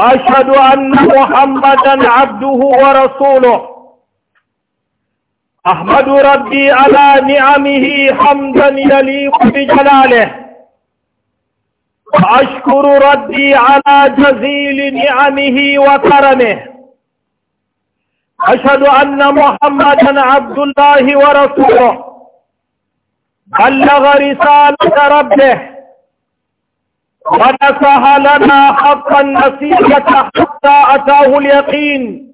وأشهد أن محمدا عبده ورسوله أحمد ربي على نعمه حمدا يليق بجلاله وأشكر ربي على جزيل نعمه وكرمه أشهد أن محمدا عبد الله ورسوله بلغ رسالة ربه ونسها لنا حق النسيئة حتى أتاه اليقين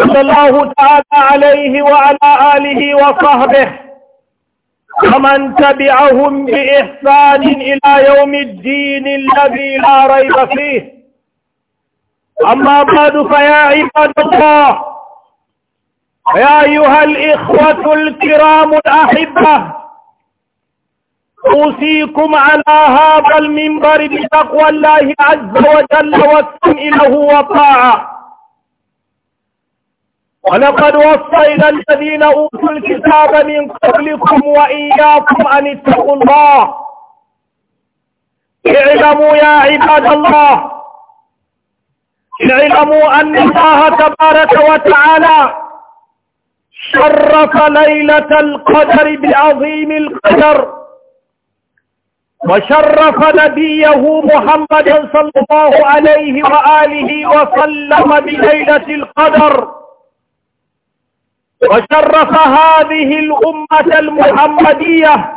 صلى الله تعالى عليه وعلى آله وصحبه ومن تبعهم بإحسان إلى يوم الدين الذي لا ريب فيه أما بعد فيا عباد الله يا أيها الإخوة الكرام الأحبة أوصيكم على هذا المنبر بتقوى الله عز وجل والسمع له وطاعة ولقد وصينا الذين أوتوا الكتاب من قبلكم وإياكم أن اتقوا الله اعلموا يا عباد الله اعلموا أن الله تبارك وتعالى شرف ليلة القدر بعظيم القدر وشرف نبيه محمدا صلى الله عليه وآله وسلم بليلة القدر وشرف هذه الأمة المحمدية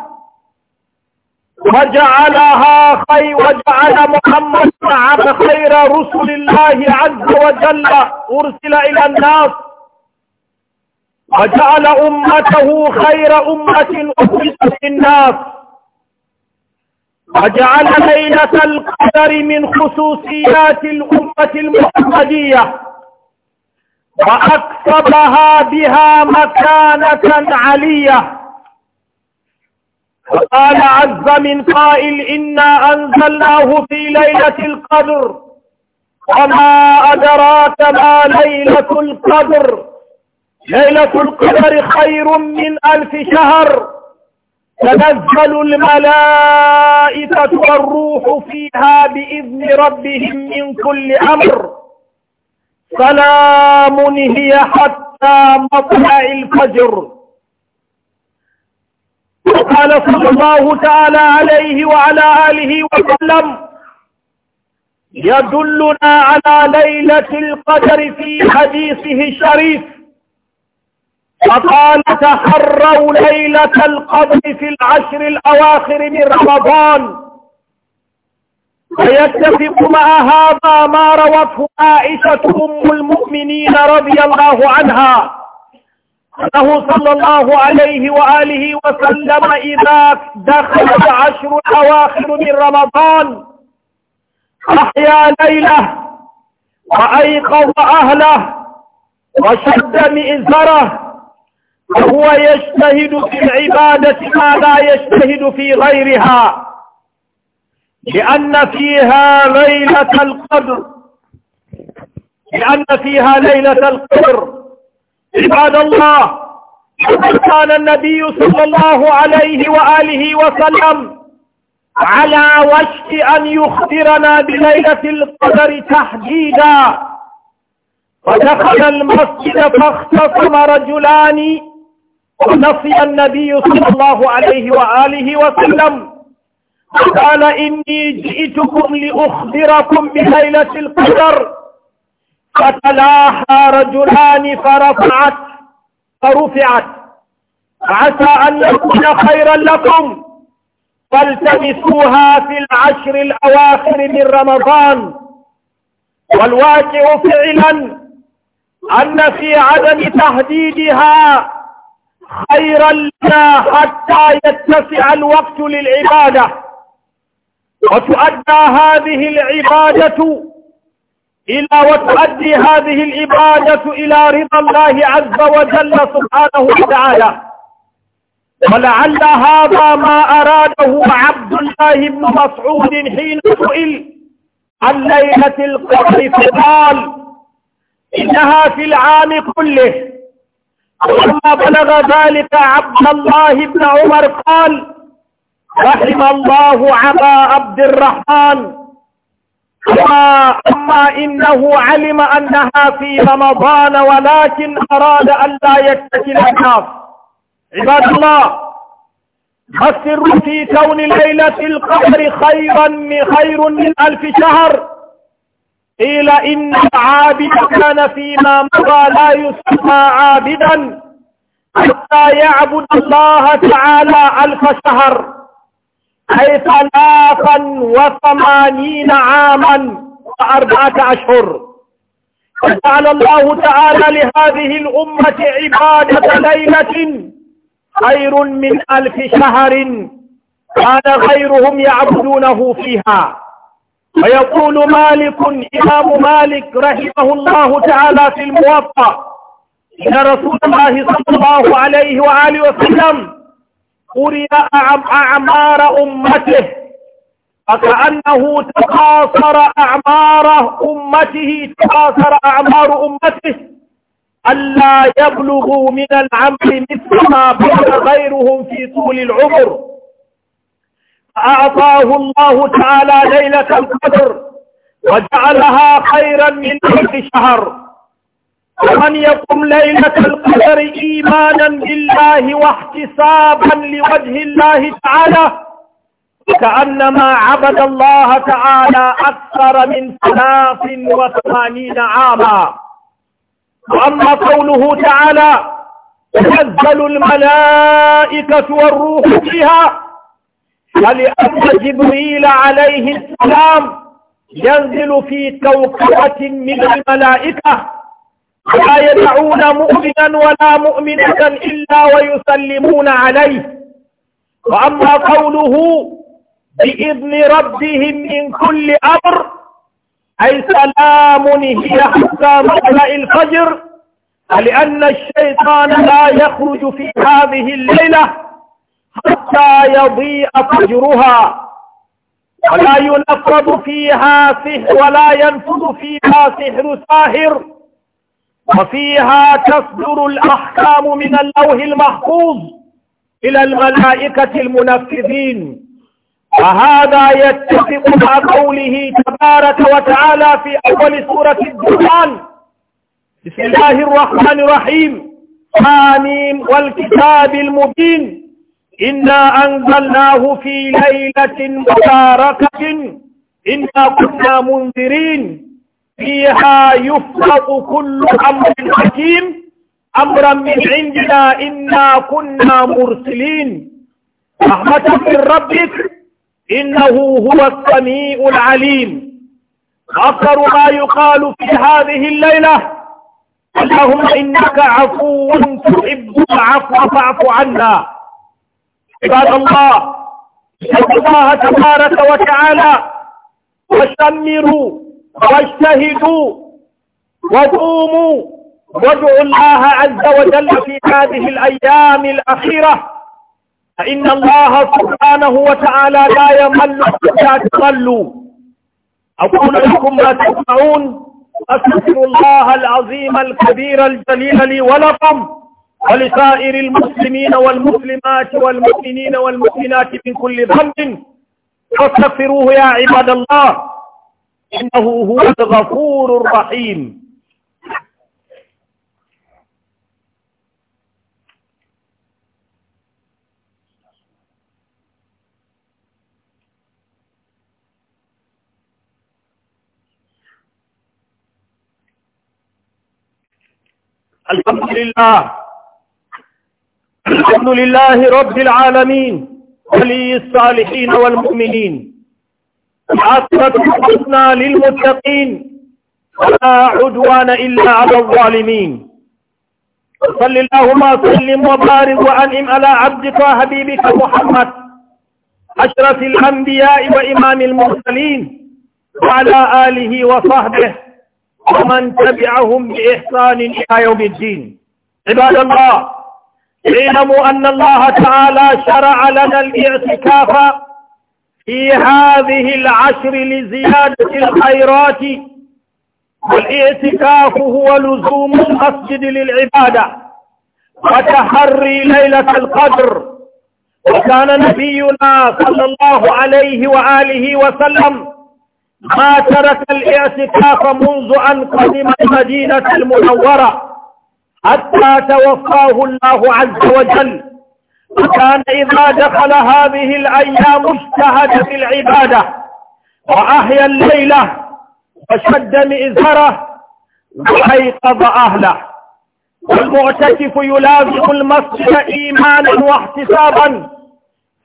وجعلها خير وجعل محمد عبد خير رسل الله عز وجل أرسل إلى الناس وجعل أمته خير أمة أخرجت للناس وجعل ليلة القدر من خصوصيات الأمة المحمدية وأكسبها بها مكانة علية وقال عز من قائل إنا أنزلناه في ليلة القدر وما أدراك ما ليلة القدر ليلة القدر خير من ألف شهر تنزل الملائكة والروح فيها بإذن ربهم من كل أمر سلام هي حتى مطلع الفجر وقال صلى الله تعالى عليه وعلى آله وسلم يدلنا على ليلة القدر في حديثه الشريف فقال تحروا ليلة القدر في العشر الأواخر من رمضان فيتفق مع هذا ما روته عائشة أم المؤمنين رضي الله عنها أنه صلى الله عليه وآله وسلم إذا دخل العشر الأواخر من رمضان أحيا ليله وأيقظ أهله وشد مئزره وهو يجتهد في العبادة ما لا يجتهد في غيرها لأن فيها ليلة القدر لأن فيها ليلة القدر عباد الله كان النبي صلى الله عليه وآله وسلم على وشك أن يخبرنا بليلة القدر تحديدا ودخل المسجد فاختصم رجلان ونصي النبي صلى الله عليه وآله وسلم قال إني جئتكم لأخبركم بليلة القدر فتلاحى رجلان فرفعت فرفعت عسى أن يكون خيرا لكم فالتمسوها في العشر الأواخر من رمضان والواقع فعلا أن في عدم تهديدها خيرا لنا حتى يتسع الوقت للعبادة وتؤدى هذه العبادة إلى وتؤدي هذه العبادة إلى رضا الله عز وجل سبحانه وتعالى ولعل هذا ما أراده عبد الله بن مسعود حين سئل عن ليلة القدر فقال إنها في العام كله ولما بلغ ذلك عبد الله بن عمر قال رحم الله عبا عبد الرحمن أما إنه علم أنها في رمضان ولكن أراد أن لا يتكل الناس عباد الله السر في كون ليلة القمر خيرا من خير من ألف شهر قيل إن العابد كان فيما مضى لا يسمى عابدا حتى يعبد الله تعالى ألف شهر أي ثلاثا وثمانين عاما وأربعة أشهر وجعل الله تعالى لهذه الأمة عبادة ليلة خير من ألف شهر كان غيرهم يعبدونه فيها فيقول مالك إمام مالك رحمه الله تعالى في الموطأ إن رسول الله صلى الله عليه وآله وسلم قرئ أعمار أمته فكأنه تقاصر أعمار أمته تقاصر أعمار أمته ألا يبلغوا من العمر مثل ما بلغ غيرهم في طول العمر أعطاه الله تعالى ليلة القدر وجعلها خيرا من كل شهر ومن يقم ليلة القدر إيمانا بالله واحتسابا لوجه الله تعالى كأنما عبد الله تعالى أكثر من ثلاث وثمانين عاما وأما قوله تعالى تنزل الملائكة والروح فيها ولأن جبريل عليه السلام ينزل في كوكبة من الملائكة لا يدعون مؤمنا ولا مؤمنة إلا ويسلمون عليه وأما قوله بإذن ربهم من كل أمر أي سلام هي حتى مطلع الفجر لأن الشيطان لا يخرج في هذه الليلة حتى يضيء فجرها ولا ينفض فيها سحر ولا ينفذ فيها سحر ساهر وفيها تصدر الأحكام من اللوح المحفوظ إلى الملائكة المنفذين وهذا يتفق مع قوله تبارك وتعالى في أول سورة الدخان بسم الله الرحمن الرحيم آمين والكتاب المبين إنا أنزلناه في ليلة مباركة إنا كنا منذرين فيها يفرق كل أمر حكيم أمرا من عندنا إنا كنا مرسلين رحمة من ربك إنه هو السميع العليم أكثر ما يقال في هذه الليلة اللهم إنك عفو تحب العفو فاعف عنا عباد الله اتقوا الله تبارك وتعالى وسمروا واجتهدوا وقوموا وادعوا الله عز وجل في هذه الأيام الأخيرة فإن الله سبحانه وتعالى لا يمل حتى تصلوا أقول لكم ما تسمعون أستغفر الله العظيم الكبير الجليل لي ولكم ولسائر المسلمين والمسلمات والمؤمنين والمؤمنات من كل ذنب فاستغفروه يا عباد الله إنه هو الغفور الرحيم الحمد لله الحمد لله رب العالمين ولي الصالحين والمؤمنين العاقبة الحسنى للمتقين ولا عدوان إلا على الظالمين صل اللهم وسلم وبارك وأنعم على عبدك وحبيبك محمد أشرف الأنبياء وإمام المرسلين وعلى آله وصحبه ومن تبعهم بإحسان إلى يوم الدين عباد الله اعلموا أن الله تعالى شرع لنا الاعتكاف في هذه العشر لزيادة الخيرات والاعتكاف هو لزوم المسجد للعبادة وتحري ليلة القدر وكان نبينا صلى الله عليه وآله وسلم ما ترك الاعتكاف منذ أن قدم المدينة المنورة حتى توفاه الله عز وجل وكان إذا دخل هذه الأيام اجتهد في العبادة وأحيا الليلة وشد مئزره وأيقظ أهله والمعتكف يلازم المسجد إيمانا واحتسابا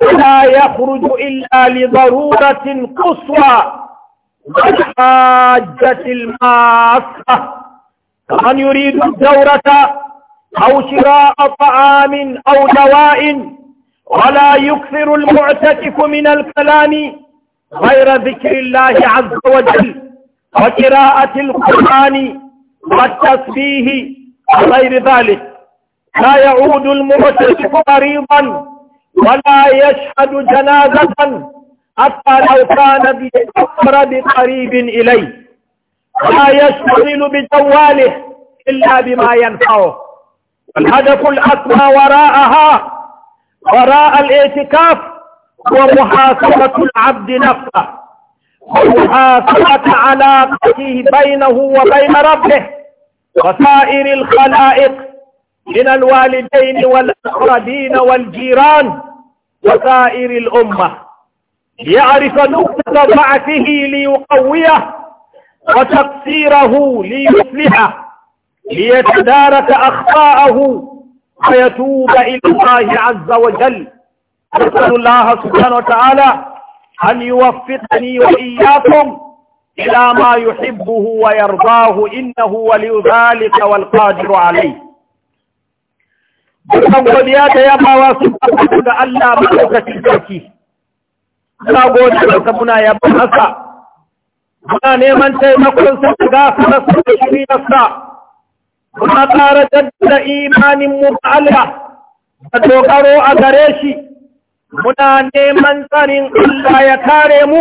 فلا يخرج إلا لضرورة قصوى والحاجة الماسة كمن يريد الدورة أو شراء طعام أو دواء ولا يكثر المعتكف من الكلام غير ذكر الله عز وجل وقراءة القرآن والتسبيح وغير ذلك لا يعود المعتكف مريضا ولا يشهد جنازة حتى لو كان بأقرب قريب إليه لا يشتغل بجواله إلا بما ينفعه الهدف الأكبر وراءها وراء الاعتكاف هو محاسبة العبد نفسه ومحاسبة علاقته بينه وبين ربه وسائر الخلائق من الوالدين والأقربين والجيران وسائر الأمة ليعرف نقطة ضعفه ليقويه وتقصيره ليصلحه ليتدارك أخطاءه ويتوب إلى الله عز وجل أسأل الله سبحانه وتعالى أن يوفقني وإياكم إلى ما يحبه ويرضاه إنه ولي ذلك والقادر عليه Dukan godiya da yabawa sun tabbata ga Allah maɗaukacin sarki, muna godiya da muna neman taimakon taimakonsa da gafararsa shi nasa, muna ƙara jaddada imanin mu da Allah da dogaro a gare shi muna neman tsarin Allah ya kare mu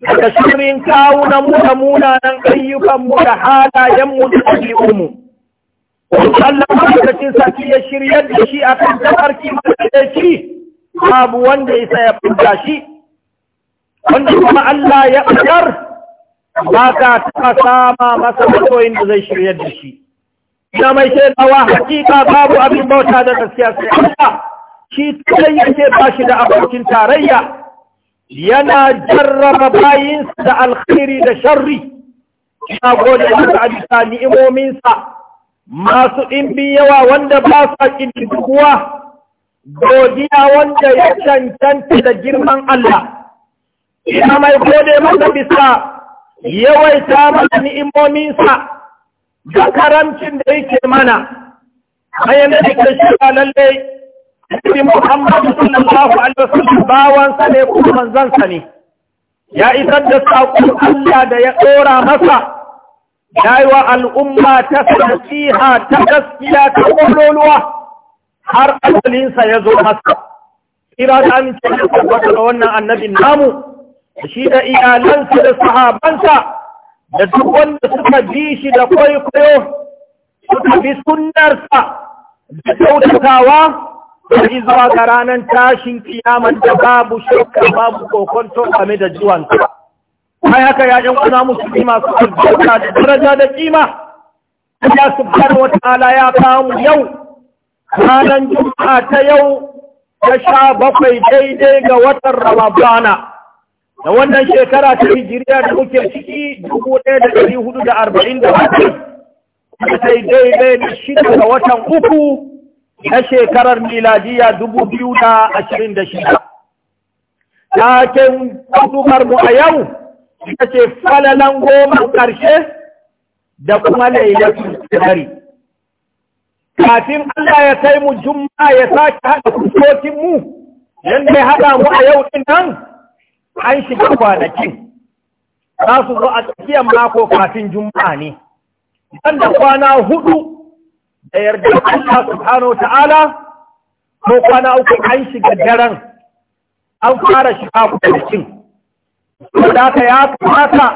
daga shirin kawunan mu da munanan ayyukan mu da halayen mu da ɗabi'un mu Allah madaukakin sarki ya shirya da shi a kan tafarki shi. babu wanda ya sa ya shi wanda kuma Allah ya ƙadar ba ka taɓa sama masa masoyin da zai shirya da shi ina mai shaidawa hakika babu abin bauta da gaskiya sai Allah shi kadai yake ba shi da abokin tarayya yana jarraba bayinsa da alkhairi da sharri ina gode masa a bisa ni'imominsa masu ɗimbin yawa wanda ba sa kuwa? godiya wanda ya cancanta da girman Allah ina mai gode masa bisa yawaita mana ni'imominsa da karamcin da yake mana bayan da yake shira lalle Nabi Muhammad sallallahu alaihi wasallam bawansa ne kuma manzansa ne ya isar da saƙon Allah da ya ɗora masa ya yi wa al'umma ta sakiha ta gaskiya ta ƙololuwa har asalinsa ya zo masa. Ira da amince da wannan annabin namu da shi da iyalansa da sahabansa da duk wanda suka bi shi da kwaikwayo suka bi sunnarsa da kyautatawa da zuwa ga ranar tashin kiyaman da babu shakka babu kokonto game da jiwansa. Ai haka ya ‘yan kuna musulmi masu albarka da daraja da kima, ya subhanahu wa ta'ala ya kawo yau, ranar juma'a ta yau ta sha bakwai daidai ga watan Ramadana. da wannan shekara ta hijiriya da muke ciki dubu ɗaya da ɗari hudu da arba'in da da sai daidai da shida da watan uku na shekarar miladiya dubu biyu da ashirin da shida. Taken kutumar mu a yau ita ce falalan goma ƙarshe da kuma laifin tsari. Kafin Allah ya kai mu jumma ya sake haɗa kusokin mu, yadda ya haɗa mu a yau ɗin nan, an shiga kwanakin za su zo a tsakiyar mako kafin juma'a ne don da kwana hudu da yarda Allah subhanahu ta'ala ko kwana uku an shiga daren an fara shiga kwanakin Da ka ya kamata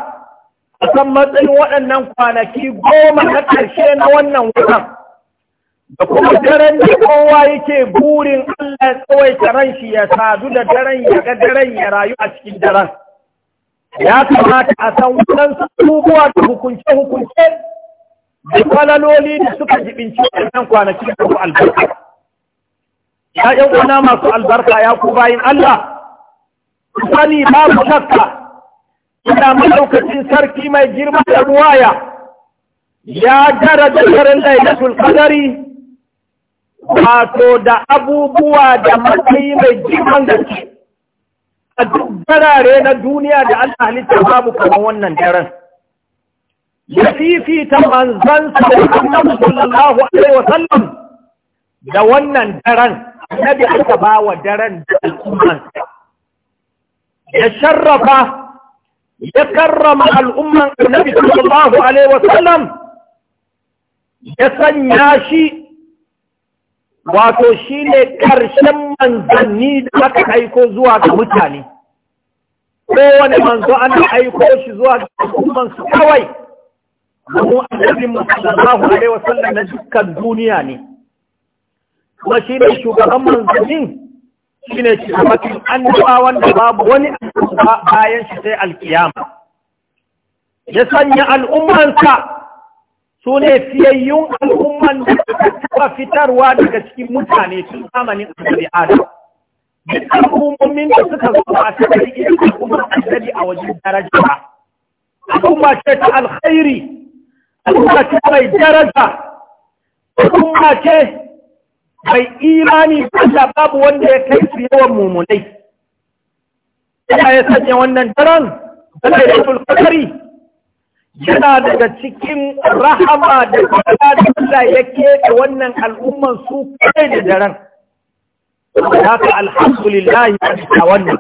a san matsayin waɗannan kwanaki goma na ƙarshe na wannan watan da kuma daren da kowa yake burin Allah tsawai ran shi ya sadu da daren ya ga daren ya rayu a cikin daren ya kamata a san wannan abubuwa da hukunce-hukunce da kwalaloli da suka jibinci wannan kwanakin da ku albarka ya yan uwana masu albarka ya ku bayin Allah ku sani babu shakka ina malaukacin sarki mai girma da ruwaya ya gara da daren lailatul qadari wato da abubuwa da matsayi mai jiman gaske a duk garare na duniya da an halitta babu kamar wannan daren ya fifita manzansa da annabi sallallahu alaihi wasallam da wannan daren annabi aka ba wa daren da al'ummansa ya sharrafa ya karrama al'umman annabi sallallahu alaihi wasallam ya sanya shi wato shi ne ƙarshen manzanni da aka aiko zuwa ga mutane kowane manzo ana aiko shi zuwa ga hukumansu kawai domin annabin musallallahu alaihi wasallam na dukkan duniya ne kuma shi ne shugaban manzannin shi ne shugabatin da babu wani annaba bayan shi sai alkiyama ya sanya al'ummansa su ne fiyayyun al'umman da suka taɓa fitarwa daga cikin mutane tun zamanin annabi adam duk al'ummomin da suka zo a cikin irin al'ummar annabi a wajen daraja al'umma ce ta alkhairi al'umma ce mai daraja al'umma ce mai imani da babu wanda ya kai su yawan mumunai. Ina ya sanya wannan daren, da Lailatul Qadari, yana daga cikin rahama da kwada da Allah ya keɓe wannan al'umman su kai da daren. Da ka alhamdulillahi a wannan.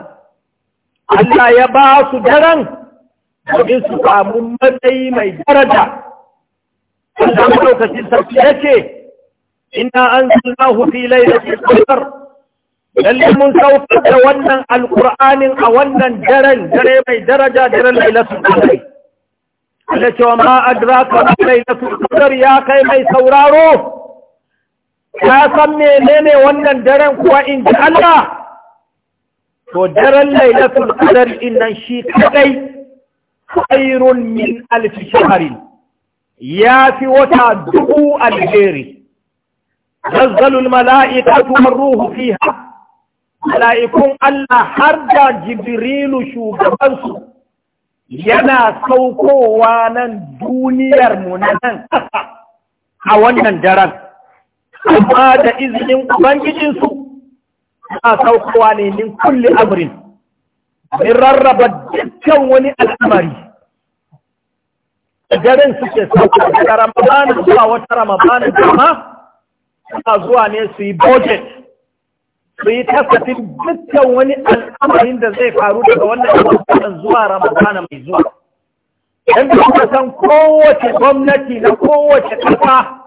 Allah ya ba su daren domin su samu matsayi mai daraja. Allah lokacin sarki ya ce, Ina an zallahu fi lailatul qadr lalle mun saukar da wannan alqur'anin a wannan daren dare mai daraja daren lailatul qadr da cewa ma adraka ma lailatul ya kai mai sauraro ka san menene wannan daren kuwa in ji Allah to daren lailatul qadr innan shi kadai khairun min alf ya fi wata dubu alheri nazzalul mala'ikatu ruhu fiha mala'ikun Allah har da jibrilu shugabansu yana saukowa nan duniyar mu na nan a wannan daren amma da izinin ubangijinsu a saukowa ne min kulle amrin min rarraba dukkan wani al'amari daren suke saukowa daga ramadanin zuwa wata ramadanin dama suna zuwa ne su yi budget su yi kasafin dukkan wani al'amarin da zai faru daga wannan abubuwan zuwa ramadana mai zuwa yan da san kowace gwamnati na kowace ƙasa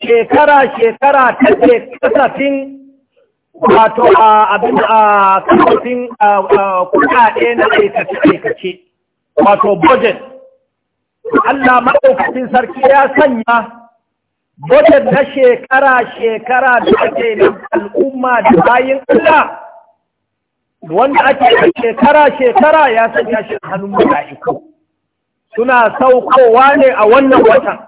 shekara-shekara ta ce kasafin wato abin a kasafin kuɗaɗe na aikace-aikace wato budget Allah ma'aikacin sarki ya sanya budget na shekara-shekara da ake na al'umma da bayin Allah wanda ake da shekara-shekara ya san shi hannun mala'iku suna saukowa ne a wannan watan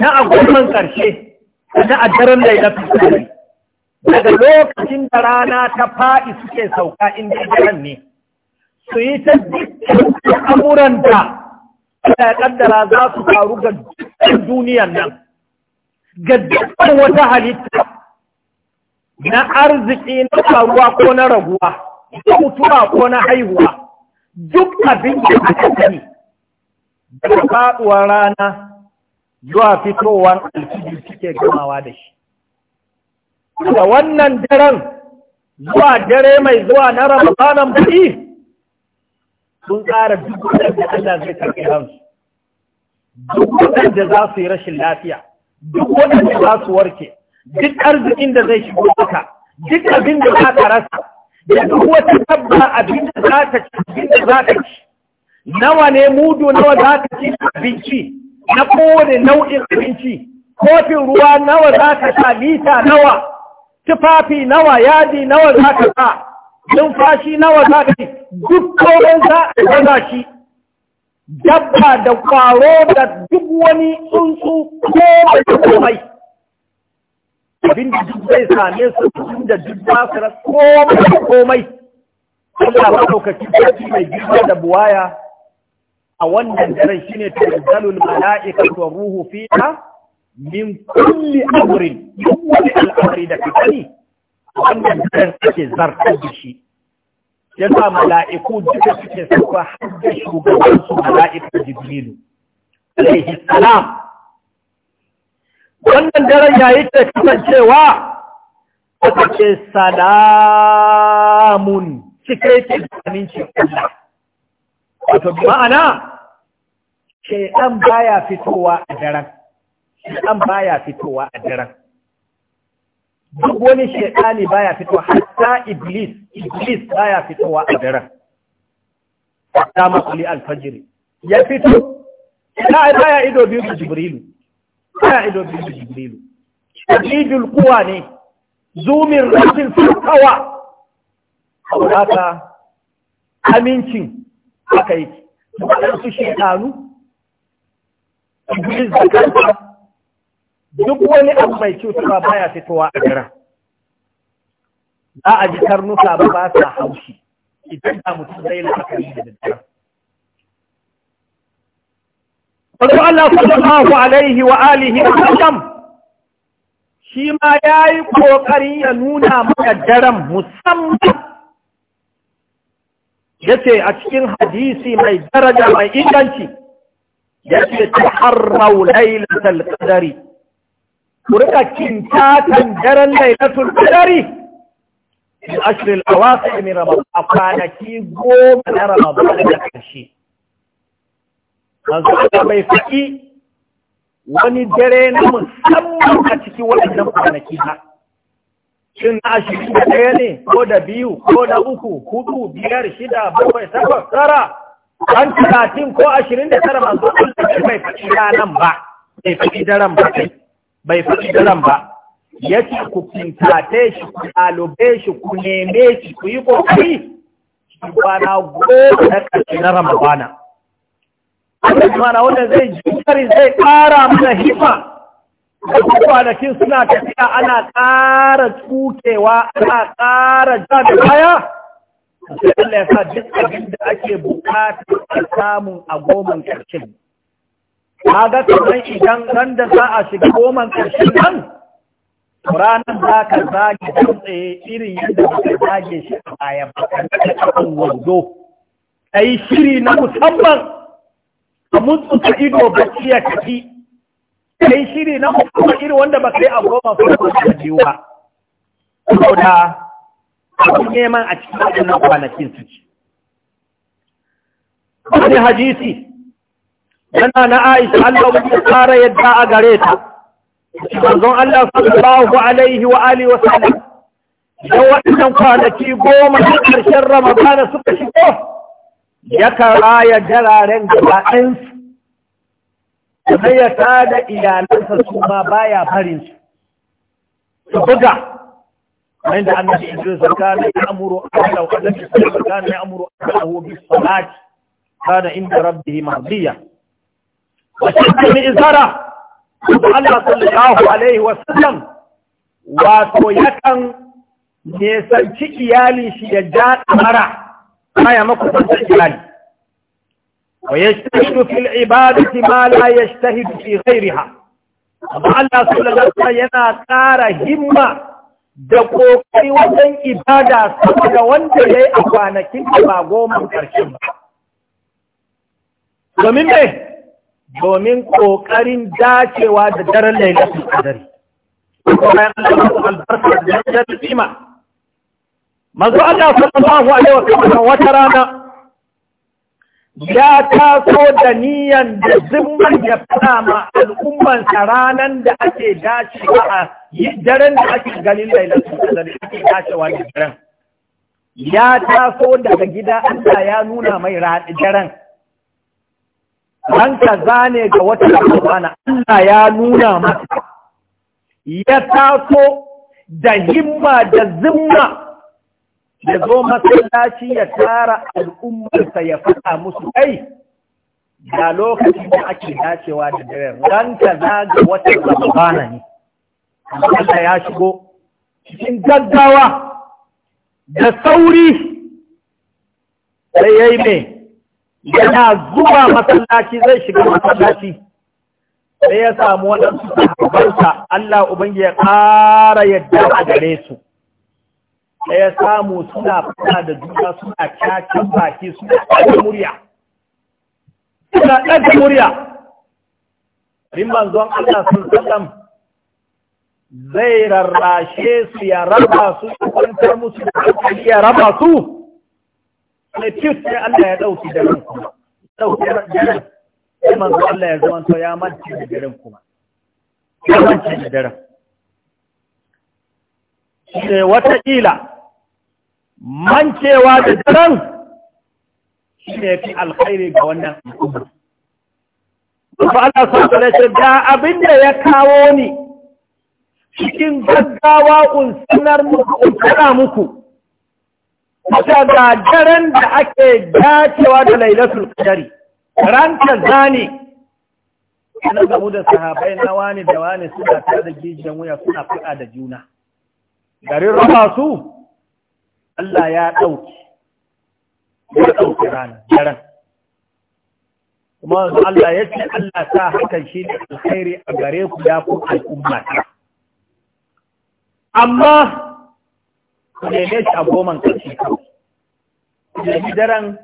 na a ƙarshe na a daren fi tsari daga lokacin da rana ta faɗi suke sauka inda daren ne su yi ta dukkan amuranta da ya ƙaddara za su faru ga duniyan nan ga dukkan wata halitta na arziki na faruwa ko na raguwa na mutuwa ko na haihuwa duk abin da aka sani daga faɗuwar rana zuwa fitowar alfijir suke gamawa da shi da wannan daren zuwa dare mai zuwa na ramadanan baɗi sun tsara duk wadanda Allah zai karɓi ransu duk wadanda za su yi rashin lafiya duk waɗanda za su warke duk arzikin da zai shigo duka. duk abin da za ka rasa da duk wata tabba abin da za ta ci abin da za ta ci nawa ne mudu nawa za ta ci abinci na kowane nau'in abinci kofin ruwa nawa za ka sa lita nawa tufafi nawa yadi nawa za ka sa numfashi nawa za ka ci duk komai za a gaza shi dabba da kwaro da duk wani tsuntsu ko da komai abin da duk zai same su da duk za su rasa komai Allah ba ɗaukaki kaci mai girma da buwaya a wannan daren shine zalun mala'ikatu wa ruhu fiha min kulli amrin duk wani al'amari da fitani a wannan daren ake zartar da shi ya sa mala'iku duka suke suka hajjar shugabansu mala'ikar jibrilu alaihi salam wannan daren yayi ta kasancewa wata ce salamun cikakken amincin Allah wato ma'ana ɗan baya fitowa a daren ɗan baya fitowa a daren duk wani ba baya fitowa hatta iblis iblis baya fitowa a daren hatta matsali alfajiri ya fito baya ido biyu da jibrilu baya ido biyu da jibrilu shadidul kuwa ne zumin rashin sarkawa a wadata amincin aka yi su shekaru iblis da kanta duk wani abu mai cutarwa baya fitowa a garin za a ji karnuka ba ba sa haushi idan da mutum zai la'akari da daddare. Wato Allah sallallahu alaihi wa alihi wa sallam shi ma ya yi ƙoƙari ya nuna mana daren musamman ya ce a cikin hadisi mai daraja mai inganci ya ce ta harrau lailatul qadari ku cinta kan daren lailatul qadari min ashril a min ramadan a kwanaki goma na ramadan da karshe manzo Allah bai faɗi wani dare na musamman a cikin waɗannan kwanaki ba shin na ashirin da ɗaya ne ko da biyu ko da uku hudu biyar shida bakwai takwas tara an talatin ko ashirin da tara manzo Allah bai faɗi ranan ba bai faɗi daren ba kai bai faɗi daren ba ya ce ku kintate shi ku alube shi ku neme shi ku yi ƙoƙari cikin kwana goma na ƙarshe na ramadana Allah na wanda zai jikari zai ƙara mana hima da kwanakin suna tafiya ana ƙara tukewa ana ƙara ja da baya sai Allah ya sa duk abin da ake bukata a samun a goman ƙarshen kaga kaman idan ran da za a shiga goman ƙarshen nan ranar za ka zage tsaye irin yadda ba ka zage shi a baya ba ka wando a yi shiri na musamman a mutsuta ido bacci ya tafi. a yi shiri na musamman irin wanda ba ka yi a goma farko da biyu ba da abin neman a cikin waɗannan kwanakin su ce wani hadisi yana na Aisha Allah ya tsara yadda a gare ta manzon Allah sallallahu alaihi wa alihi wa sallam da waɗannan kwanaki goma na ƙarshen Ramadana suka shigo ya kara ya jararen gabaɗin su sai ya tada iyalansa su ma baya farin su su buga وعند da إدريس كان يأمر أهله النبي صلى الله عليه وسلم كان يأمر أهله بالصلاة كان عند ربه مرضيا wata mai izara kuma Allah sallallahu alaihi wasallam wato yakan nesanci iyali shi ya ja mara baya makusantar iyali wa yajtahidu fil ibadati ma la yajtahidu fi ghayriha amma Allah sallallahu alaihi yana ƙara himma da kokari wajen ibada saboda wanda ya yi a kwanakin ba goma ƙarshen ba domin me domin ƙoƙarin dacewa da daren laifin ƙadari. Mazu Allah ya albarka da daren kima manzo Allah sallallahu alaihi wa wata rana ya taso da niyan da zimman ya fara ma al'umman ranan da ake dacewa a daren da ake ganin laifin ƙadari ake dacewa da daren ya taso daga gida Allah ya nuna mai daren ranka zane ga wata ramadana Allah ya nuna masa ya taso da himma da zimma ya zo masallaci ya tara al'ummarsa ya faɗa musu kai, ga lokacin da ake dacewa da dare ranka ka zaga wata ramadana ne Allah ya shigo cikin gaggawa da sauri sai yayi mai yana zuwa masallaci zai shiga masallaci sai ya samu waɗansu sahabbansa Allah ubangi ya ƙara yadda a gare su sai ya samu suna fata da juna suna kyakkyan baki suna ɗaga murya suna ɗaga murya rimban zuwan Allah sun sallam zai rarrashe su ya raba su ya kwantar musu da ya raba su mai cif sai Allah ya ɗauki da ran kuma ɗauki da ran sai manzo Allah ya zama to ya mance da daren kuma ya mance da daren sai wata kila mancewa da daren shi ne fi alkhairi ga wannan al'umma Rufa Allah sun kare ce, da abin da ya kawo ni cikin gaggawa un sanar muku, un muku, daga daren da ake dacewa da lailatul kadari, ranta zani ana gamu da sahabai na wani da wani suna ta da gijiyan wuya suna fi'a da juna garin rama su Allah ya ɗauki ya ɗauki ranar daren kuma Allah ya ce Allah ta hakan shi da alkhairi a gare ku ya ku al'umma amma ku ne shi a goman ƙarshe da daren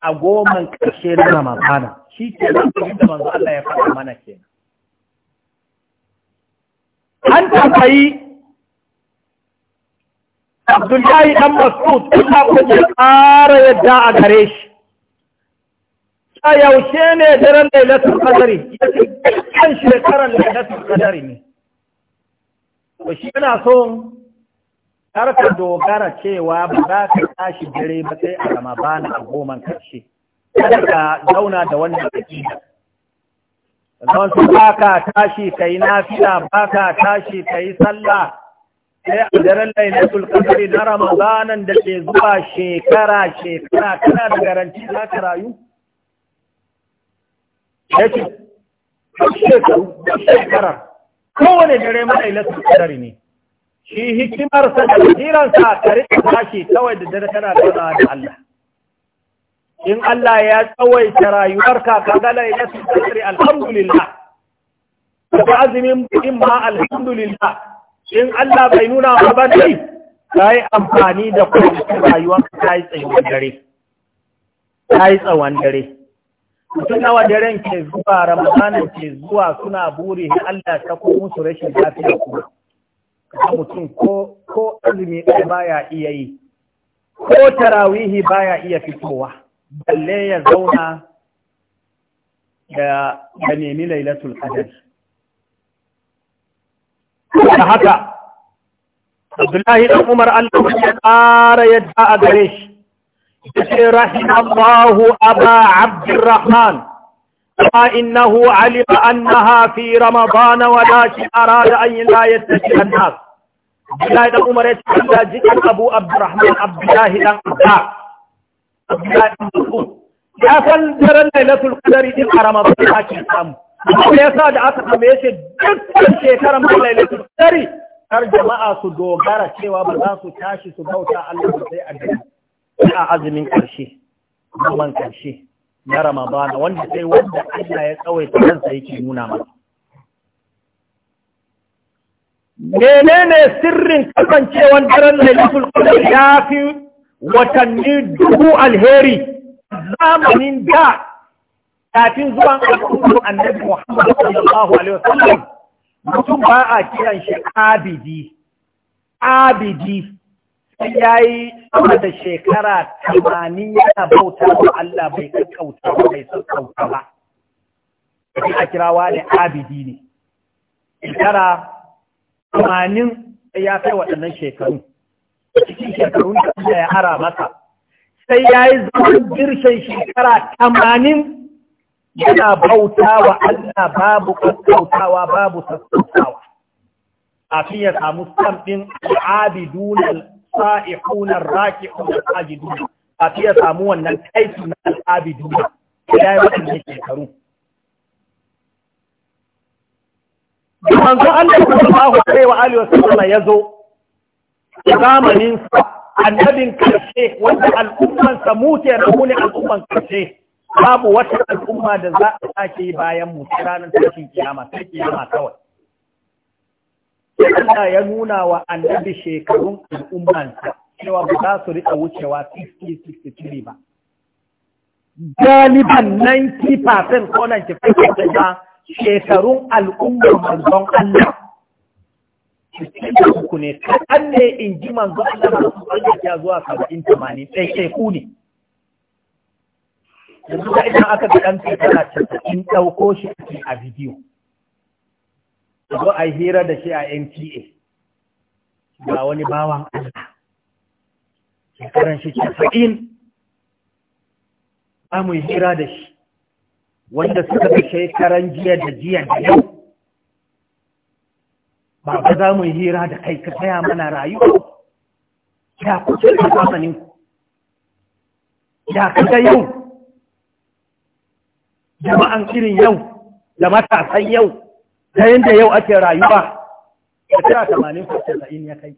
a goma ƙarshe na Ramadana shi ke nan da manzo Allah ya faɗa mana kenan an tambayi Abdullahi ɗan Mas'ud Allah ko ya ƙara yadda a gare shi a yaushe ne daren lailatul qadari kan shekarar lailatul kadari ne to shi yana son karka dogara cewa ba za ka tashi dare ba sai a gama bana a goman karshe kada ka zauna da wannan aƙida zan su ba ka tashi ka yi nafiya ba ka tashi ka yi sallah sai a daren lainatul kasari na ramadanan da ke zuwa shekara shekara kana da garanti za ka rayu yake shekaru shekarar kowane dare ma lailatul ne shi hikimarsa da jiransa ka rika tashi kawai da dare tana zauna da Allah in Allah ya tsawaita rayuwarka ka ga lailatul qadri alhamdulillah ka azumin in ma alhamdulillah in Allah bai nuna ma ba dai kai amfani da kowace rayuwa kai tsawon dare kai tsawon dare mutum nawa daren ke zuwa ramadanin ke zuwa suna buri Allah ta kuma musu rashin lafiya kuma da mutum ko azumi ɗaya baya iya yi ko tarawihi baya iya fitowa balle ya zauna da nemi lailatul qadr da haka Abdullahi ɗan Umar Allah ya ƙara yadda a gare shi يقول رحم الله أبا عبد الرحمن فإنه علم أنها في رمضان ولكن أراد أن لا يتجه الناس Abdullahi dan Umar ya ce Allah jikin Abu Abdurrahman Abdullahi dan Abba Abdullahi dan Mas'ud ya san daren Lailatul Qadari din a Ramadan ake samu Abin ya sa da aka ame shi dukkan shekarar mai Lailatul Qadari Har jama'a su dogara cewa ba za su tashi su bauta Allah ba sai a gari a azumin ƙarshe zaman ƙarshe na Ramadan wanda sai wanda Allah ya tsawaita kansa yake nuna masa menene sirrin kasancewan daren lailatul qadr ya fi watanni dubu alheri zamanin da kafin zuwan al'ummar annabi Muhammad sallallahu alaihi wasallam mutum ba a kiran shi abidi abidi sai yayi sama da shekara tamanin yana bauta wa Allah bai kakkauta ba bai sassauta ba sai a kirawa ne abidi ne shekara tamanin ya kai waɗannan shekaru cikin shekarun da Allah ya ara masa sai ya yi zaman birshen shekara tamanin yana bauta wa Allah babu kakkautawa babu sassautawa kafin ya samu samɗin abidun al rakiun al-ajidun kafin ya samu wannan kaifi na al ya yi waɗannan shekaru da manzo Allah ku alaihi wa alihi wasallama ya zo sa annabin karshe wanda al'umman sa mutu ya rabu al'umman karshe babu wata al'umma da za a sake yi bayan mu ranar tashin kiyama sai kiyama kawai Allah ya nuna wa annabi shekarun al'ummansa cewa ba za su riƙa wucewa 60-63 ba. Galiban 90% ko 95% ba. shekarun al'ummar manzon Allah ku ne kaɗan ne in ji manzon Allah ba su zuwa saba'in tamanin ɗai ɗai ku ne yanzu da idan aka ga ɗan shekara cikin ɗauko shi a bidiyo zo a yi hira da shi a NTA ga wani bawan Allah shekaran shi casa'in Ba mu yi hira da shi wanda suka fi shekaran jiya da jiya da yau ba ba za mu hira da kai ka taya mana rayuwa ya kusa da zamanin ya ga yau jama'an irin yau da matasan yau ta yadda yau ake rayuwa da tara tamanin in ya kai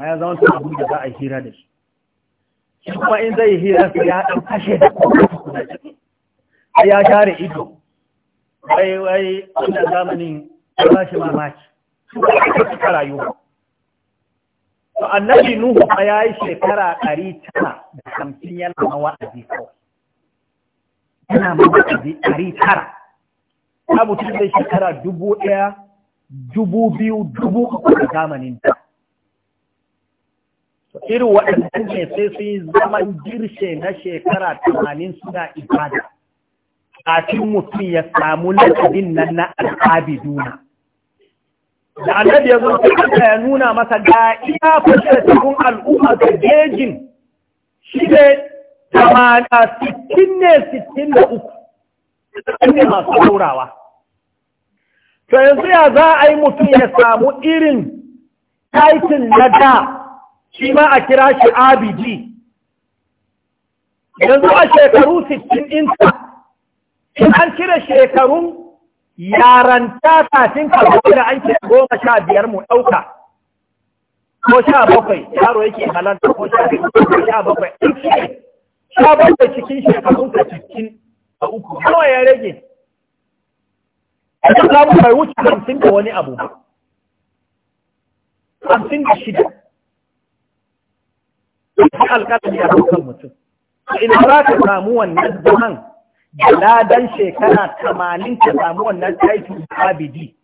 a ya zama tun abin da za a hira da shi shi kuma in zai hira su ya ɗan kashe da kuma a ya share ido wai wai wanda zamanin ba shi mamaki suka rayuwa to annabi nuhu a ya yi shekara ɗari tara da hamsin yana mawa'azi kawai yana mawa'azi ɗari tara ta mutum zai shekara dubu ɗaya dubu biyu dubu uku da zamanin ta irin waɗannan ne sai sun yi zaman girshe na shekara tamanin suna ibada kafin mutum ya samu lakabin nan na duna. da annabi ya zo kanta ya nuna masa ga iya fashe cikin al'umma da gejin shi ne tamana sittin ne sittin da uku ne masu saurawa to yanzu ya za a yi mutum ya samu irin taitin na da shi ma a kira shi abiji yanzu a shekaru sittin inta in an cire shekarun yaranta kafin karɓar da an cire goma sha biyar mu ɗauka ko sha bakwai yaro yake halarta ko sha bakwai sha bakwai sha bakwai cikin shekarun ka cikin a uku nawa ya rage a ta samu bai wuce hamsin da wani abu ba hamsin da shida ta alƙalami a dukkan mutum ina za ka samu wannan zaman da dan shekara tamanin ta samu wannan taifin abidi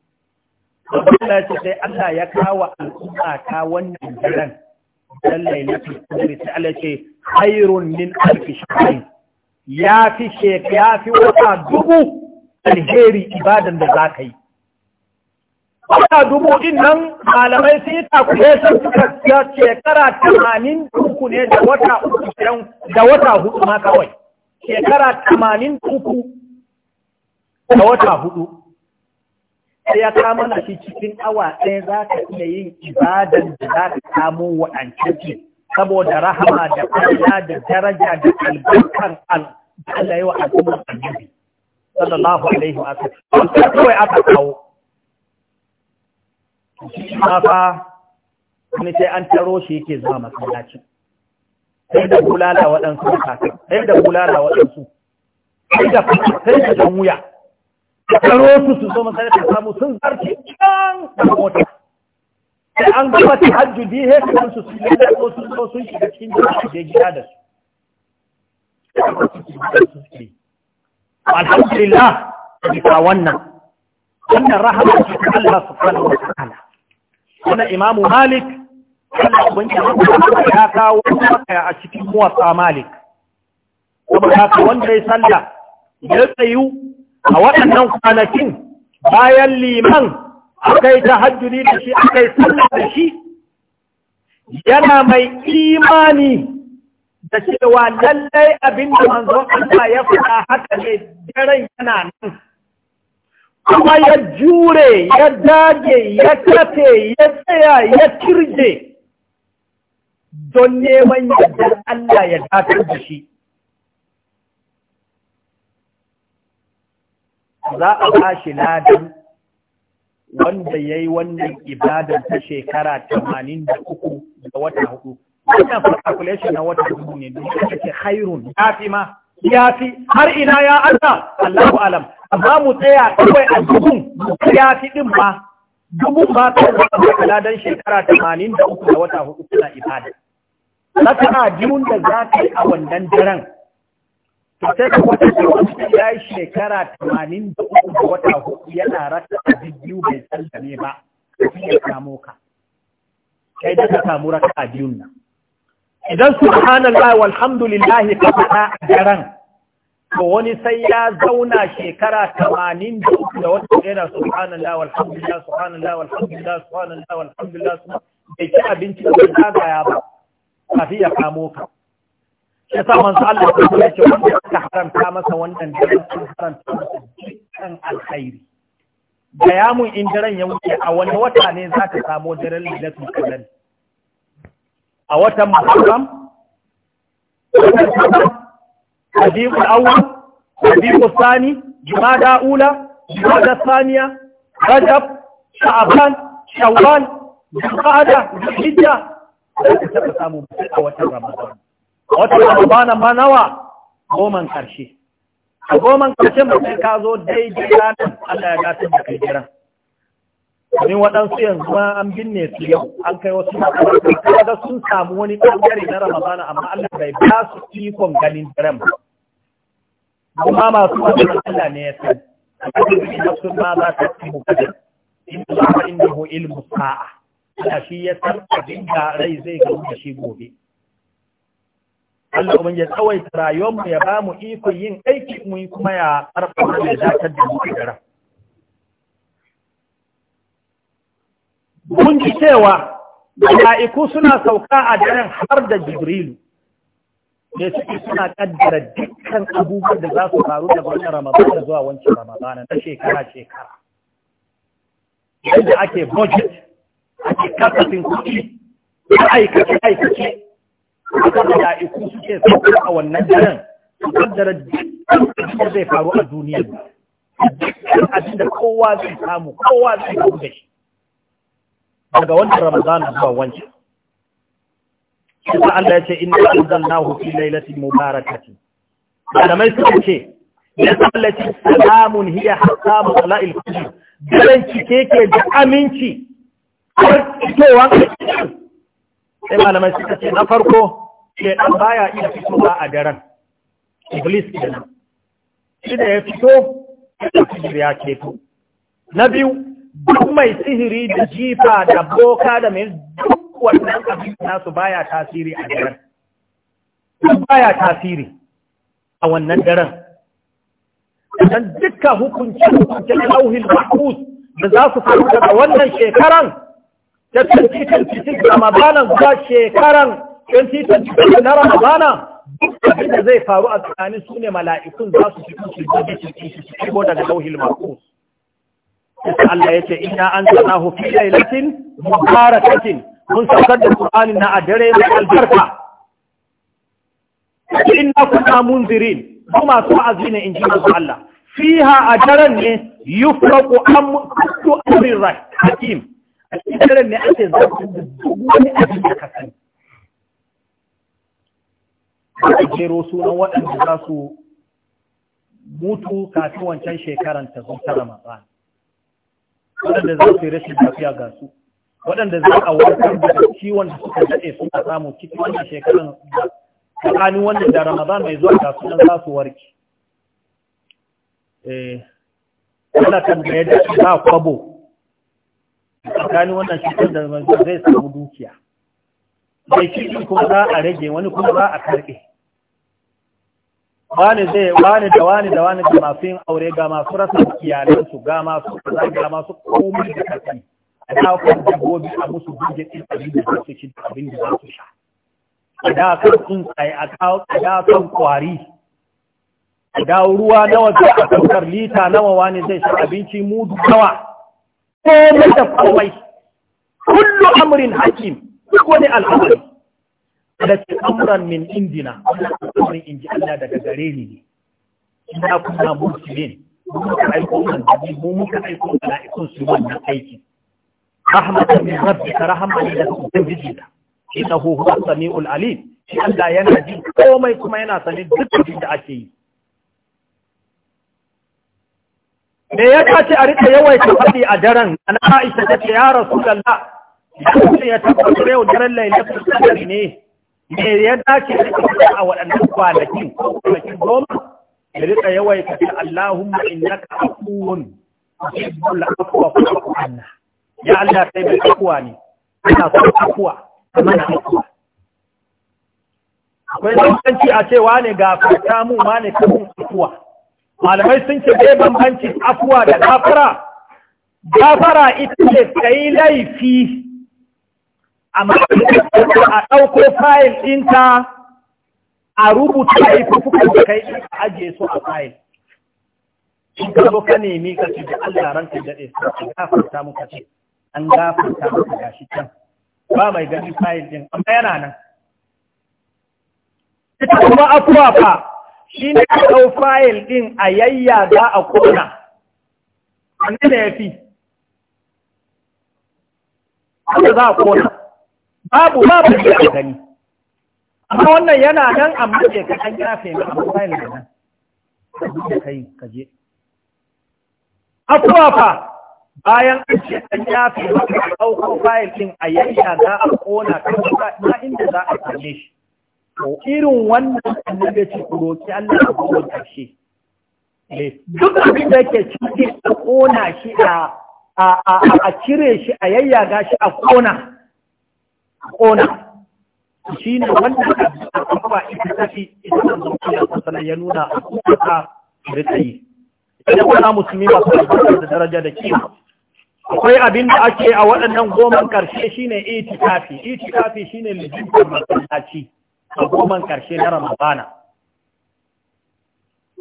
Allah ce sai Allah ya kawo al'umma ta wannan jiran don Lailatu, qadr sai Allah ce hairun min alfi shahr ya fi shekara fi wata dubu alheri ibadan da za ka yi wata dubu din nan malamai sun yi sun suka shekara tamanin uku ne da wata uku da wata hudu ma kawai shekara tamanin uku da wata hudu sai ya kama na shi cikin awa ɗaya za ka iya yin ibadan da za ka samu waɗancan ce saboda rahama da ƙarya da daraja da albarkan Allah yawa al'ummar annabi sallallahu alaihi wa sallam kawai aka kawo shi ma fa wani sai an taro shi yake zama masallacin sai da bulala waɗansu kafin sai da bulala waɗansu sai da sai da jan wuya da karo su su zo masallaci samu sun zarce can da mota sai an gama ta hajjudi he kan su sun yi ko sun zo sun shiga cikin jama'a da gida da su alhamdulillah bisa wannan wannan rahama ce ta Allah subhanahu wa ta'ala wannan imamu malik Allah ubangi ya kawo maka a cikin muwatsa malik saboda haka wanda ya sallah ya tsayu a waɗannan kwanakin bayan liman akai tahajjudi da shi akai salla da shi yana mai imani da cewa lallai abin da manzon Allah ya faɗa haka ne daren yana nan kuma ya jure ya dage ya kafe ya tsaya ya kirje don neman yadda Allah ya datar da shi za a ba shi ladan wanda ya yi wannan ibadar ta shekara tamanin da uku da wata hudu wannan calculation na wata hudu ne duk da ke hairun ya fi ma ya fi har ina ya Allah Allahu alam amma mu tsaya kawai a dubun ya fi din ma dubun ba ta da ladan shekara tamanin da uku da wata hudu suna ibada raka'a biyun da za ka yi a wannan daren to sai ka wata da wani ya yi shekara tamanin da uku da wata hudu yana raka'a biyu bai ne ba kafin ya samu ka kai da ka samu raka'a biyun nan idan subhanallah walhamdulillah ka fada a daren to wani sai ya zauna shekara tamanin da uku da wata yana subhanallah walhamdulillah subhanallah walhamdulillah subhanallah walhamdulillah bai ci abinci da zagaya ba kafi ya kamo ka ya sa manzo Allah ta ce ce wanda ka haramta masa wannan daren sun haramta masa dukkan alkhairi da mun in daren ya wuce a wani wata ne za ka samo daren lailatul qadr a watan muharram Rabi'ul Awwal, Rabi'ul Sani, Jumada Ula, Jumada Saniya, Rajab, Sha'aban, Shawwal, Zulqa'ada, Zulhijja, da ka taɓa samu a watan Ramadan. A watan Ramadan ma nawa goman ƙarshe. A goman ƙarshe ba sai ka zo daidai ranar Allah ya gatar da kai jiran. Domin waɗansu yanzu ma an binne su yau an kai wasu makarantar ga sun samu wani ɓangare na Ramadan amma Allah bai ba su ikon ganin jiran ba. masu wajen Allah ne ya sani. A wasu ma za ta fi za Inna Allah innahu ilmu sa'a. Allah shi ya san abin da rai zai gamu shi gobe Allah ubangiji ya tsawaita rayuwarmu ya ba mu iko yin aiki mu kuma ya karfafa da dakatar da mu gara mun ji cewa mala'iku suna sauka a daren har da jibrilu ne suke suna kaddara dukkan abubuwan da za su faru da wannan ramadana zuwa wancan ramadana na shekara shekara yadda ake budget ake kasafin kuɗi da aikace aikace da mala'iku suke sauka a wannan daren su kaddara dukkan zai faru a duniya dukkan abin kowa zai samu kowa zai samu da shi daga wancan ramadana zuwa wancan shi ta Allah ya ce inna anzalnahu fi lailatin mubarakati malamai suka ce ya tsallaci salamun hiya hatta matsala ilfiji daren cike ke da aminci har fitowa sai malamai suka ce na farko shaidan baya iya fitowa a daren iblis kenan shi da ya fito da fijir ya na biyu duk mai sihiri da jifa da boka da mai duk wannan abin nasu baya tasiri a daren duk baya tasiri a wannan daren dan dukkan hukuncin hukuncin lauhin makus da za su faru daga wannan shekaran ta 2026 ramadanan ba shekaran 2026 na ramadana abin da zai faru a tsakanin su ne mala'ikun za su fito su jirgi su ci su shigo daga lauhil mako. Isa Allah ya ce, Ina an zana hufi lailatin mubarakatin mun saukar da Kur'ani na a dare mai albarka. Inna kuna munzirin, su masu wa'azi ne in ji masu Allah. Fiha a daren ne yufraku an mutu amrin hakim. a ake zaɓi da da ka a jero sunan waɗanda za su mutu kafin wancan shekaran ta zuwa ta ramadan waɗanda za su yi rashin lafiya ga su waɗanda za a wata da ciwon da suka daɗe suna samu cikin wannan shekaran tsakanin wannan da ramadan mai zuwa ga sunan za su warke eh ana kan da ya dace ba kwabo tsakanin wannan cutar da manzo zai samu dukiya sai cikin kuma za a rage wani kuma za a karbe wani zai wani da wani da wani da masu yin aure ga masu rasa iyalansu ga masu kaza ga masu komai da kasan a dakan dabbobi a musu duje ɗin abin da zai cikin abin da za su sha a dakan tsuntsaye a dakan kwari a dawo ruwa nawa zai a ɗaukar lita nawa wani zai sha abinci mudu nawa komai da komai kullu amrin hakim duk wani al'amari da ce amuran min indina wannan al'amarin in ji Allah daga gare ni ne ina kuna musulmin mu muka aiko manzanni mu muka aiko mala'ikun su wannan aiki rahmatan min rabbika rahama ne daga ubangiji da innahu huwa samiul alim shi Allah yana ji komai kuma yana sanin duk abin da ake yi me ya kace a rika yawaita faɗi a daren ana aisha ta ce ya rasu lalla mutum ya tabbatar yau daren lailatul qadr ne me ya dace a rika faɗi a waɗannan kwanaki ko kwanaki goma ya rika yawaita ta Allahumma innaka afuwun tuhibbul afwa anna ya Allah sai mai afwa ne ana son afwa mana afwa akwai zancanci a cewa ne ga fata mu ma ne kafin afwa malamai sun ce bai bambanci afuwa da gafara gafara ita ce kai laifi A matakai a ɗauko fayil ɗinta a rubuta laifukan da kai a ajiye su a fayil in ka zo ka nemi ka ce da Allah ranta daɗe su gafarta muka ce an gafarta muka gashi can ba mai gani fayil ɗin amma yana nan ita kuma afuwa fa shi ne a ɗau fayil ɗin a yayya za a kona wanne ne ya fi wanda za a kona babu babu ne a gani amma wannan yana nan amma mace ka an yafe na abu fayil da nan da kai ka je kuma fa bayan an ce an yafe maka a ɗaukar fayil ɗin a yayya za a kona kan ina inda za a same shi to irin wannan annabi ce ku roki Allah ya roki karshe eh, duk abin da yake cikin a kona shi a a cire shi a yayyaga shi a kona kona shi ne wannan kuma ita tafi ita da da sassanar ya nuna a kuka rika yi idan wana musulmi ba su da daraja da kima akwai abin da ake a waɗannan goma ƙarshe shine itikafi itikafi shine lijin masallaci a goman ƙarshe na Ramadana.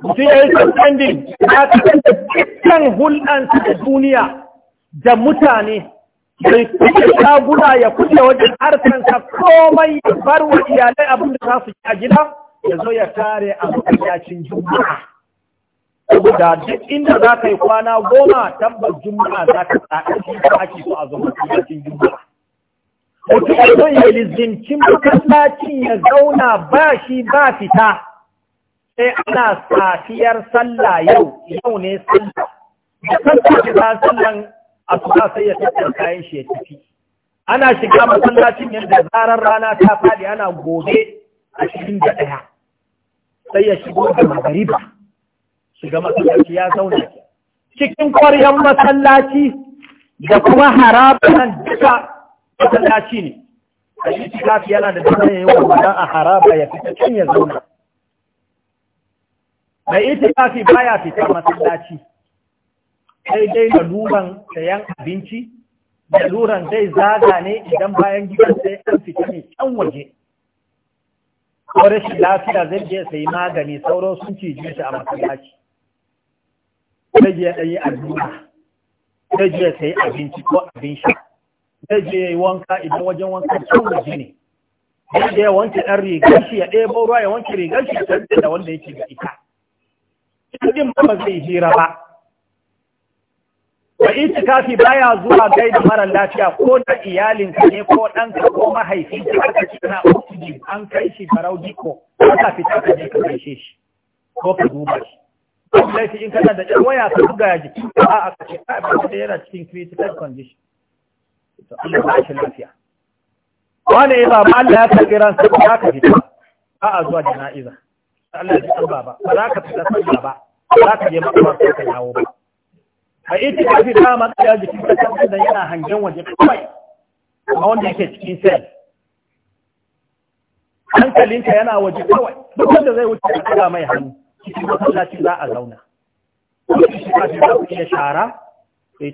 Mutum ya yi sustandin ya kasance dukkan hulɗansa da duniya da mutane bai kuɗe shaguna ya kuɗe wajen harkansa komai ya bar wa iyalai abin da za su yi a gida ya zo ya tare a masallacin juma'a. Saboda duk inda za ka yi kwana goma tabbas juma'a za ka tsaɗa shi ake so a zama masallacin juma'a. mutum ya zo ya lizincin masallacin ya zauna ba shi ba fita sai ana safiyar sallah yau yau ne sallah da sallah ta sallan asuba sai ya tattara kayan shi ya tafi ana shiga masallacin yadda zarar rana ta faɗi ana gobe a cikin da ɗaya sai ya shigo da magariba shiga masallaci ya zauna cikin kwaryan masallaci da kuma harabar duka masallaci ne a yi kafi yana da dama ya yi wanda a haraba ya fita can ya zauna mai itikafi baya fita masallaci sai dai laluran sayan abinci luran zai zaga ne idan bayan gidan sai an fita ne can waje ko rashin lafiya zai je sai magani sauro sun ji shi a masallaci zai je ɗanyi addu'a zai je sai abinci ko abin sha zai je ya yi wanka idan wajen wanka can jini ne zai je ya wanke ɗan rigar shi ya ɗebo ruwa ya wanke rigar shi ya da wanda yake da ita cikin ba zai hira ba wa itikafi baya zuwa gaida mara lafiya ko da iyalinka ne ko ɗanka ko mahaifinka aka ce na oxygen an kai shi farau diko ka fita ka je ka gaishe shi ko ka duba shi ko laifi in kana da ƴan waya ka buga ya jiki a aka ce a da yana cikin critical condition to Allah ba shi lafiya wani ya ba. Allah ya karbi ran sai ba ka fita ba a zuwa jana'iza Allah ya san baba ba za ka fita sallah ba ba za ka je makabarta ka yawo ba a ita ka fi ta matsaya jikin ta kan da yana hangen waje kawai amma wanda yake cikin sai hankalinka yana waje kawai duk wanda zai wuce a kira mai hannu cikin masallaci za a zauna wani shi kafin za ku iya shara sai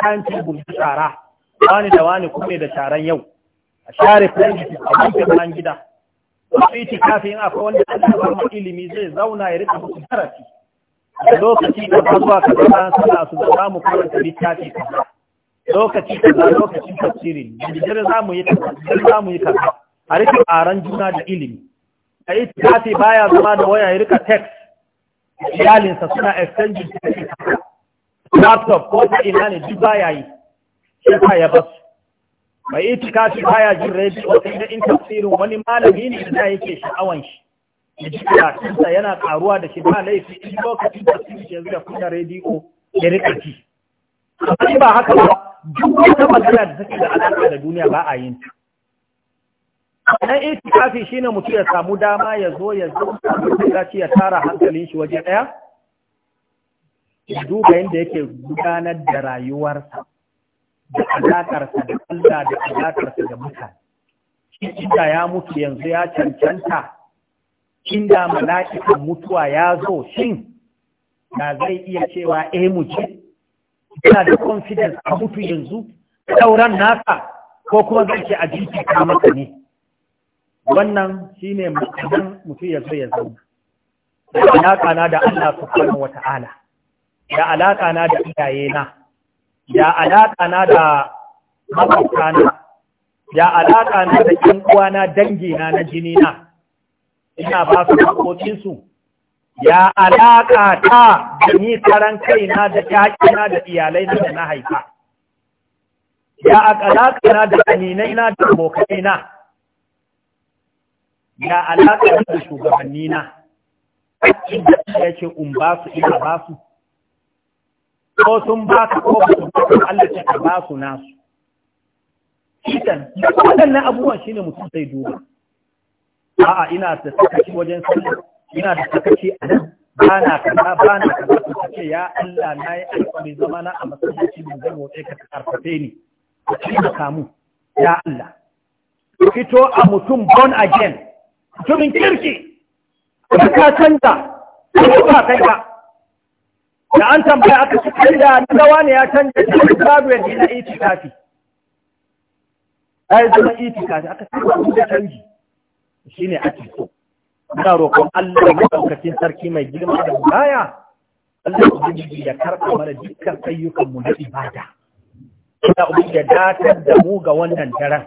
tanci bulbi shara wani da wani kuma da taron yau a share planet a wancan man gida wasu iti kafin in akwai wanda an tabar ma ilimi zai zauna ya rika musu karafi a lokaci da ba zuwa ka zama sana su za mu karanta littafi ka lokaci da za lokacin tafsiri jirgin za mu yi tafsiri za mu yi ka a rika aran juna da ilimi a yi kafi baya zama da waya ya rika text iyalinsa suna exchanging laptop ko ta ina ne duk baya yi sai ya basu mai itikafi baya jin rabi wata da in tafsirin wani malami ne da yake sha'awan shi ya ji karatunsa yana karuwa da shi ba laifi in lokacin su ya zuwa kunna rediyo ya rika ji amma ba haka ba duk wata magana da take da alaƙa da duniya ba a yin ta na itikafi shine mutum ya samu dama ya zo ya zo ya tara hankalin shi waje ɗaya ya duba yadda yake gudanar da rayuwarsa da alakarsa da Allah da alakarsa da mutane. Inda ya mutu yanzu ya cancanta, inda mala'ikan mutuwa ya zo shin na zai iya cewa eh mu ce, ina da confidence a mutu yanzu, sauran nasa ko kuma zai ce a jiki ka ne. Wannan shi ne mutanen mutu ya zo ya zauna. Da alaƙana da Allah subhanahu wa ta'ala, da alaƙana da iyayena. ya alaƙa na da makwabtana ya alaƙa na da ƴan uwana dangina na jini ina ba su haƙoƙinsu ya alaƙa ta da ni karan kaina da ƴaƴana da iyalaina da na haifa ya alaƙa na da na da abokaina ya alaƙa na da shugabannina ya ce in ba su ina ba su ko sun ba ka ko ba sun ba Allah ce ka ba su nasu shikan waɗannan abubuwan shine mutum sai duba a'a ina da sakaci wajen sallah ina da sakaci a nan ba na kaza ba na kaza ce ya Allah na yi alƙawari zama na a masallaci mun zai motsa ka karfafe ni ka kamu. ya Allah fito a mutum born again mutumin kirki ka canza ka ba da an tambaya aka ci da gawa ne ya canja da graduate na itikafi ai zama itikafi aka cikin da canji ne ake so ina roƙon Allah ya ɗaukacin sarki mai girma da baya Allah ya karɓa mana dukkan ayyukan mu na ibada ina ubi da datar da mu ga wannan daren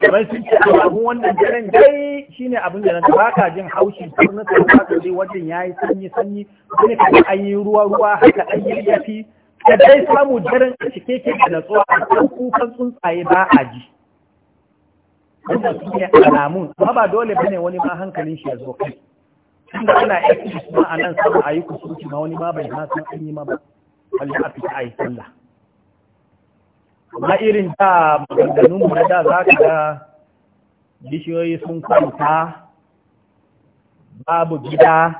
kamar sun ce abu wannan jiran dai shine abin da na ba ka jin haushi turnuka da ka zai wajen yayi sanyi sanyi wani kaga an ruwa ruwa haka an yi yafi da dai samu jiran a cike ke da natsuwa a kan kukan tsuntsaye ba a ji wannan su ne alamun amma ba dole bane wani ma hankalin shi ya zo kai tunda ana aiki kuma a nan sama a yi kusurci ma wani ma bai ma san an yi ma ba wani a fita a yi sallah Na irin ta maganganun na da za ka ga bishiyoyi sun kwanta babu gida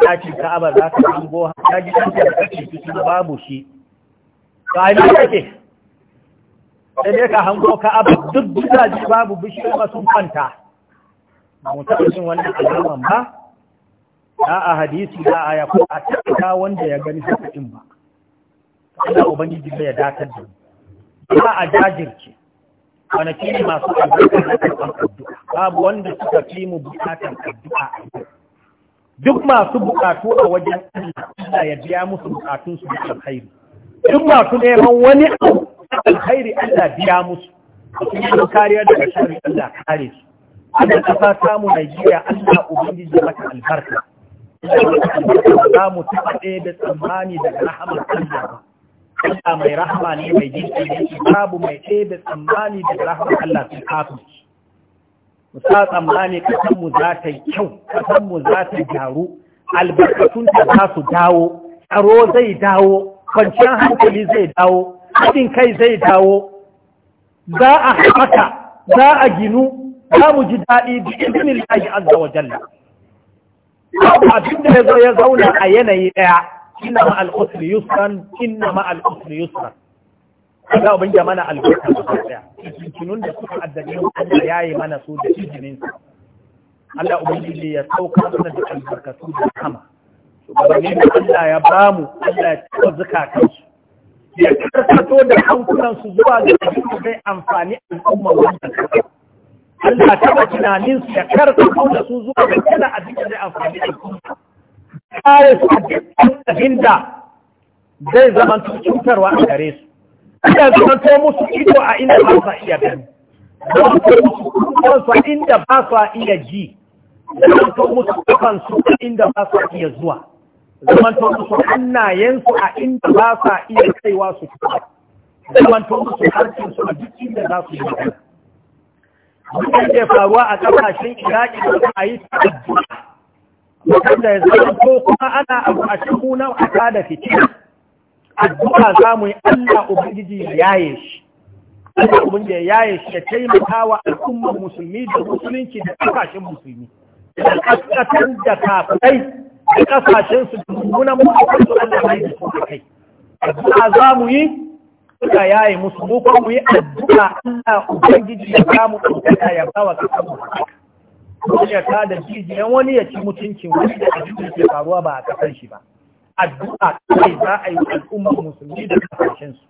ɗakin ka'aba za ka hango ta gidan da kake ciki babu shi ba ina kake sai dai ka hango ka'aba duk gidaje babu bishiyoyi ba sun kwanta taɓa mutum wannan alaman ba da a hadisi da a yaku a Ta wanda ya gani haka in ba. Allah Ubangiji ya datar da mu. ba a jajirce ke ne masu albarka na karɓar addu'a babu wanda suka fi mu buƙatar addu'a duk masu buƙatu a wajen Allah ya biya musu buƙatunsu da alkhairi duk masu neman wani abu alkhairi Allah biya musu sun yi kariya daga shari'a Allah kare su Allah kasa samu Najeriya Allah ubangiji maka albarka Allah maka albarka za mu taɓa ɗaya da tsammani daga rahama Allah Allah mai rahama ne mai jinki ne babu mai da tsammani da rahama Allah sun kafin mu sa tsammani kasanmu za ta yi kyau kasanmu za ta gyaru ta za su dawo tsaro zai dawo kwanciyar hankali zai dawo haɗin kai zai dawo za a haɓaka za a ginu za mu ji daɗi da izinin lahi azza wa jalla abin da ya zo ya zauna a yanayi ɗaya inna ma al-usri yusran inna ma al-usri yusran ga abin da mana albarka da tsaya kinun da suka addabi Allah ya yi mana su da izinin sa Allah ubangiji ya sauka mana da albarkatu da kama shugabanni da Allah ya bamu Allah ya tsaya zakatun su ya karkato da hankulan su zuwa ga abin zai amfani al'umma wannan kasa Allah ta tunanin su ya karkato da su zuwa ga a cikin da zai amfani al'umma kare su a cikin abin da zai zama cutarwa a gare su ina zama to musu ido a inda ba su iya gani zama to musu a inda ba su iya ji zama to musu su a inda ba su iya zuwa zama to musu hannayensu a inda ba su iya kaiwa su kuma zama to musu harkinsu a duk inda za su yi magana. Duk da faruwa a ƙasashen Iraki da a yi ta'addu'a wanda ya zama ko kuma ana abu a cikin nan a kada fitina addu'a za mu yi Allah ubangiji ya yaye shi Allah ubangiji ya yaye shi ya taimaka wa al'ummar musulmi da musulunci da kasashen musulmi da kaskatar da kafirai da kasashen su da mummunan mutum su Allah ya yi su kai addu'a za mu yi suka yaye musu ko kuma mu yi addu'a Allah ubangiji ya samu ɗaukaka ya bawa kasan mu ya ta da jijiyan wani ya ci mutuncin wuri da addu'a ke faruwa ba a kasar shi ba addu'a kai za a yi al'umma musulmi da kasashen su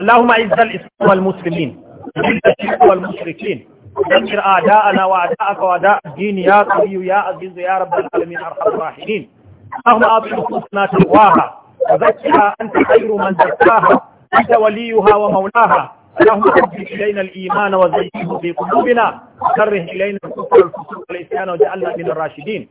Allahumma izzal islam wal muslimin da shirku wal mushrikin dan kir ada ana wa ada aka wa da addini ya qawiyu ya aziz ya rabbal alamin arhamar rahimin اللهم اعطي نفوسنا تقواها وزكها انت خير من زكاها انت وليها ومولاها اللهم حبب إلينا الإيمان وزينه في قلوبنا وكره إلينا الكفر والفسوق والعصيان وجعلنا من الراشدين